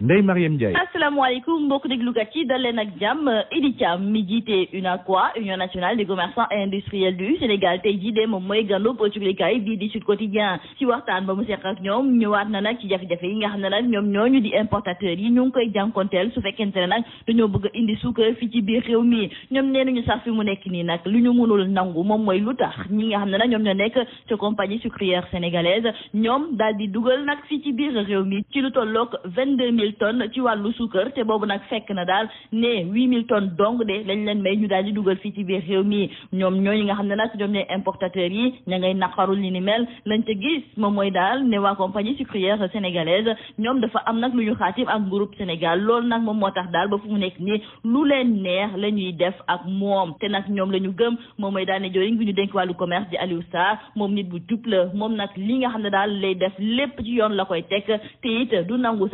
Ndeye Mariam Ndiaye. asalaamaaleykum mbokk déglukat yi dal leen ak jàmm Idi Thiam mi jiite UNACOIS Union nationale des commerçants et industriels Sénégal tey jii de moom mooy gàndu poculikay bii di Sud Quotidien ci waxtaan ba mu seq ak ñoom ñëwaat na nag ci jafe-jafe yi nga xam ne nag ñoom ñooñu di importateurs yi ñu ngi koy jànkonteel su fekkente ne nag dañoo bëgg a indi suukar fii ci biir réew mi ñoom nee nañu sax fi mu nekk nii nag lu ñu mënul nangu moom mooy lu tax ñi nga xam ne nag ñoom ñoo nekk ca compagnie sucrière sénégalaise ñoom daal di dugal nag fii ci biir réew mi ci lu tolloog vingt-deux mille mille tonnes ci wàllu suukar te boobu nag fekk na daal ne huit mille tonnes dong de lañ leen may ñu daal di dugal fii ci biir réew mi ñoom ñooñu nga xam ne nag ñoom ñooy importateurs yi ña ngay naqarul li ni mel lañ ca gis moom mooy daal ne waa compagnie sucrière sénégalaise ñoom dafa am nag lu ñu xaatim ak groupe Sénégal loolu nag moom moo tax daal ba fu mu nekk nii lu leen neex la ñuy def ak moom te nag ñoom la ñu gëm moom mooy daal ne joriñ bi ñu dénk wàllu commerce di Aliou Sarr moom nit bu jub la moom nag li nga xam ne daal lay def lépp ci yoon la koy teg te it du nangu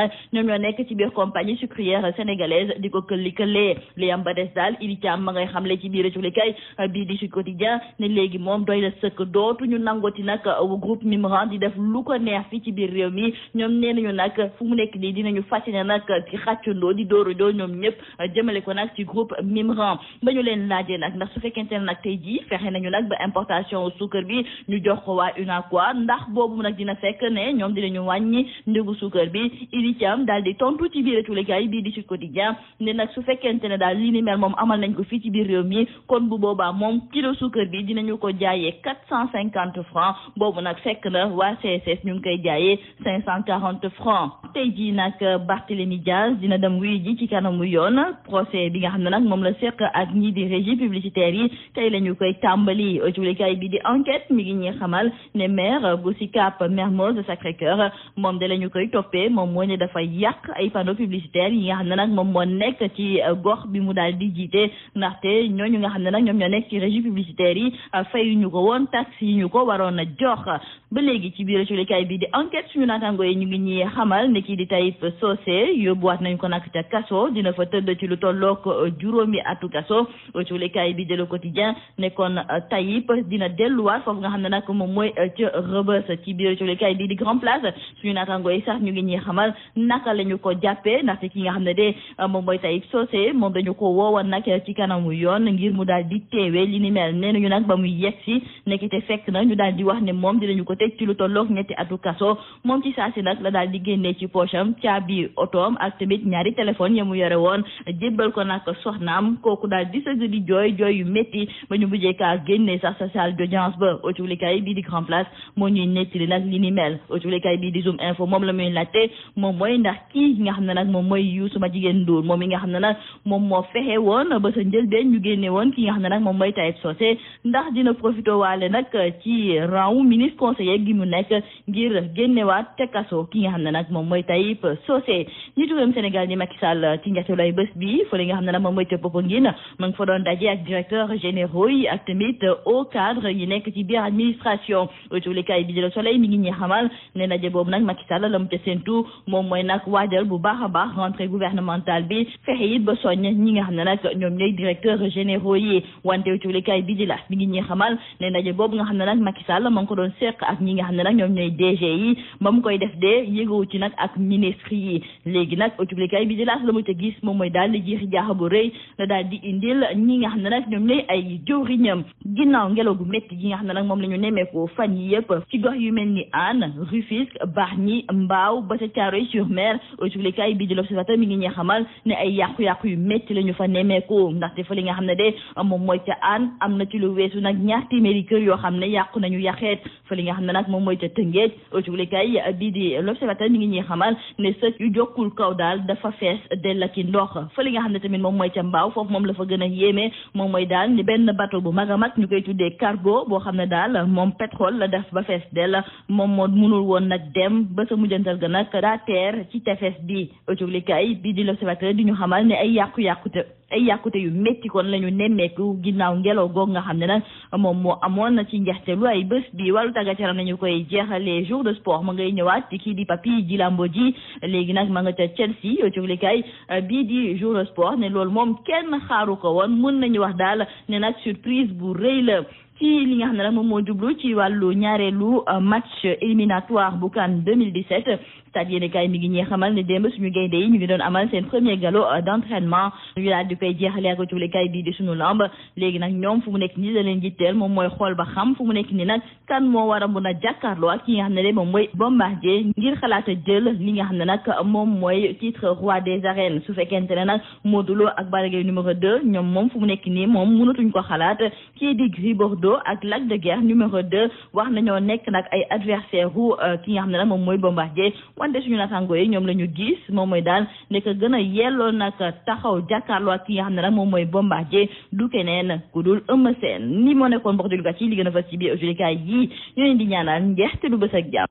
nag ñoom ñoo nekk ci biir compagnie sucrière sénégalaise di ko këlli këllee li yam ba des daal Idi Thiam ma ngay xamle ci biir réculi kay bii di Sud Quotidien ne léegi moom doy na sëkk dootuñu nangooti nag groupe Mimran di def lu ko neex fi ci biir réew mi ñoom nee ñu nag fu mu nekk nii dinañu fasciné nag ci xàccandoo di dóoru doo ñoom ñëpp jëmale ko nag ci groupe Mimran ba ñu leen laajee nag ndax su fekkente ne nag tey jii fexe nañu nag ba importation suukar ñu jox ko waa UNACOIS ndax boobu nag dina fekk ne ñoom dinañu wàññi njëgu bi Seydi Thiam daal di tontu ci biir cuulikaay bii di Sud Quotidien ne nag su fekkente ne daal li ni mel moom amal nañ ko fii ci biir réew mi kon bu boobaa moom kilo suukar bi dinañu ko jaayee quatre francs boobu nag fekk na waa CSS ñu ngi koy jaayee francs tey jii nag Barthélémy Diaz dina dem wuyu ji ci kanamu yoon procès bi nga xam ne nag moom la seq ak ñii di régie publicitaire yi tey la koy tàmbali cuulikaay bi di enquête mi ngi ñuy xamal ne maire bu dafa yàq ay panneaux publicitaires yi nga xam ne nag moom moo nekk ci euh, gox bi mu daal di jiite ndaxte ñooñu nga xam ne nag ñoom ñoo nekk ci régie publicitaire yi euh, fayuñu ko woon taxe yi ñu ko waroon a jox ba léegi ci biir culikaay bi di enquête suñu naataango yi ñu ngi ñuy xamal ne kii di Tayib yóbbuwaat nañ ko nag ca kaso dina fa tëdd ci lu tollook euh, juróomi atu kaso culikaay bi de Le Quotidien nekkoon Tayib dina delluwaat foofu nga xam ne nag moom mooy ca Rebeuss ci biir culikaay bi di Grand Place suñu naataango yi sax ñu ngi ñuy xamal naka la ñu ko jàppee ndaxte ki nga xam ne de euh, moom mooy Taib Socé moom dañu ko woowoon nag ci kanamu yoon ngir mu daal di teewee li ni mel nee nañu nag ba mu yegg si nekkite fekk na ñu daal di wax ne moom dinañu ko tëj ci lu tolloog ñetti atu kaso moom ci saa si nag la daal di génnee ci poche am caabi otoom ak tamit ñaari téléphone ya mu yore woon jëbbal ko nag soxnaam kooku daal di sëgg di jooy jooy yu métti ba ñu mujjee kaa génnee sax sa salle d'audience ba autolikaay bii di grand place moo ñuy nettali nag li ni mel autolikaay bii di zoom info moom la muy laajte mooy ndax ki nga xam ne nag moom mooy Youssouma Jigéen Ndour moom mi nga xam ne nag moom moo fexe woon ba sa njëlbeen ñu woon ki nga xam ne nag moom mooy Taib Socé ndax dina profité waale nag ci rang ministre conseiller gi mu nekk ngir génnewaat te kaso ki nga xam ne nag moom mooy Taib Socé njiitu réewum Sénégal di Macky Sall ci njatulay bés bi fële nga xam ne nag moom mooy ca Popenguine ma ngi fo doon daje ak directeur généraux yi ak tamit au cadre yi nekk ci biir administration autolikaay bi di Le Soleil mi ngi ñuy ne ndaje boobu nag Macky Sall la mu ca séentu moom mooy nag waajal bu baax a baax rentrée gouvernementale bi fexe it ba soññ ñi nga xam ne nag ñoom ñooy directeurs généraux yi wante cuglikaay bi di la mi ngi ñuy xamal ne ndaje boobu nga xam ne nag Macky Sall ma ko doon seq ak nga xam ne nag ñoom ñooy DG yi ba mu koy def dee yëgawu ci nag ak ministre yi léegi nag cuglikaay bi di la la mu ca gis moom mooy daal di jiixi jaaxa bu daal di indil ñi nga xam ne nag ñoom ñooy ay jëwriñam ginnaaw ngelaw gu métti gi nga xam ne nag moom la ñu nemmeekoo fan yi yëpp ci gox yu mel ni Hann Rufisque Bargny mbaaw ba ca yi sur mer yëglekaay bi di l'observateur mi ngi ñuy xamal ne ay yàqu-yàqu yu métti la fa nemmeeku ndaxte fa li nga xam ne de moom mooy ca aan am na ci lu weesu nag ñaar téeméeri kër yoo xam ne yàqu nañu yàqeet fa li nga xam ne nag moom mooy ca tëngeej yëglekaay bi di l'observateur mi ngi ñuy xamal ne sëc yu jokkul kaw daal dafa fees della i ndox fa li nga xam ne tamit moom mooy ca mbaaw foofu moom la fa gën a yéeme moom mooy daal ni benn bateau bu mag a mag ñu koy tuddee cargo boo xam ne daal moom pétrole la def ba fees dell moom moom munul woon nag dem ba sa mujjantal ga nag leer ci tefes bi yëglekaay bi di l'Observateur di ñu xamal ne ay yàqu-yàqute ay yàqute yu métti kon la ñu nemmeeku ginnaaw ngelaw goog nga xam ne na moom moo amoon na ci njeexteelu ay bés bi wàllu tàggat yaram nañu koy jeexalee jour de sport ma ngay ñëwaat ci kii di Papy Djilambo ji léegi nag ma nga ca Chelsea yëglekaay euh, bi di jour de sport ne loolu moom kenn xaaru ko woon mun nañu wax daal ne nag surprise bu rëy la ci li nga xam ne nag moom moo jublu ci wàllu ñaareelu euh, match éliminatoire bu CAN 2017 stade yéen kay mi ngi ñee xamal ne démb suñu gaynde yi ñu ngi doon amal seen premier galop d'entraînement ñu daal di koy jeexalee ak cubli kay bii di suñu lamb léegi nag ñoom fu mu nekk nii da leen jitteel moom mooy xool ba xam fu mu nekk nii nag kan moo a mun a jàkkaarloo ak ki nga xam ne de moom mooy Bombardier ngir xalaat a jël li nga xam ne nag moom mooy titre roi des arènes su fekkente ne nag Modou Lo ak Balla Gaye numéro 2 ñoom moom fu mu nekk nii moom mënatuñ ko xalaat kii di Gris Bordeaux ak Lac de Guerre numéro 2 wax nañoo nekk nag ay adversaire wu euh, ki nga xam ne nag moom mooy Bombardier wante suñu naataangoo yi ñoom lañu ñu gis moom mooy daal nekk gën a yelloo nag taxaw jàkkaarloo ak ki nga xam ne nag moom mooy Bombardier du keneen ku dul Eumeu Sène ni moo nekkoon mbokk déglukat yi li gën a fas ci biir aujourdi kaay ñu leen di ñaanal njeexte te bës ak jàmm